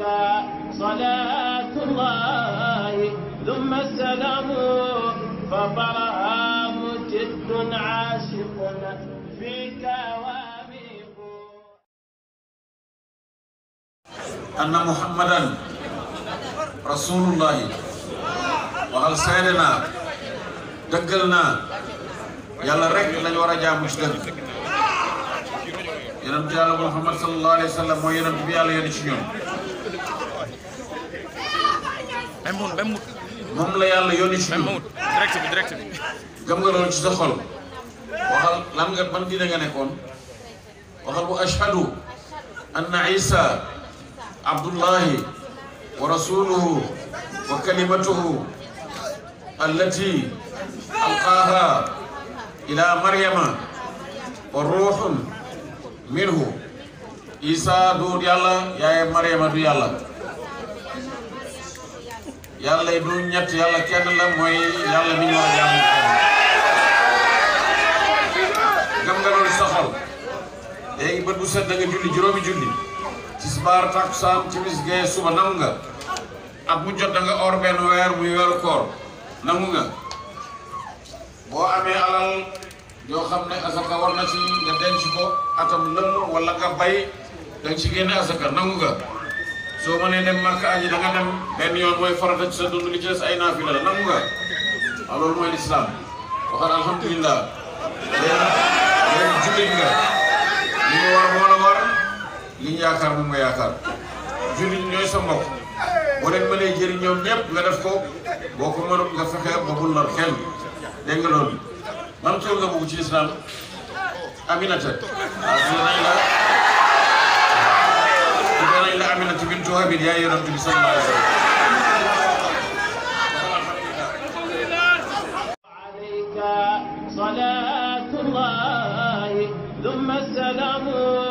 عليك صلاة الله ثم السلام فطرها مجد عاشق فيك واميق أن محمدا رسول الله waxal seede naa dëggal naa yàlla rek lañ war a jaamu ci dëgg yonent yàlla Muhammad sallallahu alayhi wa sallam mooy yonent bi yàlla yónni ci ñoom même moom même mut moom la yàlla yónni ci même mut direct bi direct bi gëm nga loolu ci sa xol waxal lan nga ban diine nga nekkoon waxal bu ashhadu anna isa abdullahi wa rasuluhu wa kalimatuhu allati alqaaha ila maryama wa ruuxun minhu isa du yàlla yaaye maryama du yàlla yàlla yi du ñett yàlla kenn la mooy yàlla mi ñu war a jaamu nga loolu sa léegi bët bu set da nga julli juróomi julli tisbaar takkusaan timis gee suba nangu nga at mu jot da nga or weer muy weeru koor nangu nga boo amee alal yoo xam ne asaka war na ci nga denc ko atam lëmm wala nga bay da ci génne asaka nangu nga soo mënee dem màkk aji da nga dem benn yoon mooy farata ci sa dund li ci des ay naafila la nangu nga waaw mooy lislaam waxal alhamdulilah léegi jullit nga li nga war moo la war li ñu yaakaar moom nga yaakaar jullit ñooy sa mbokk boo leen mënee jëriñ ñoom ñëpp nga def ko boo ko mënul nga fexe ba bul lor xel dégg loolu man tur nga bëgg ci lislaam aminata waaw la Aminata bintu Wahab yaay yonent bi sallallahu alayhi wa sallam عليك صلاة الله ثم السلام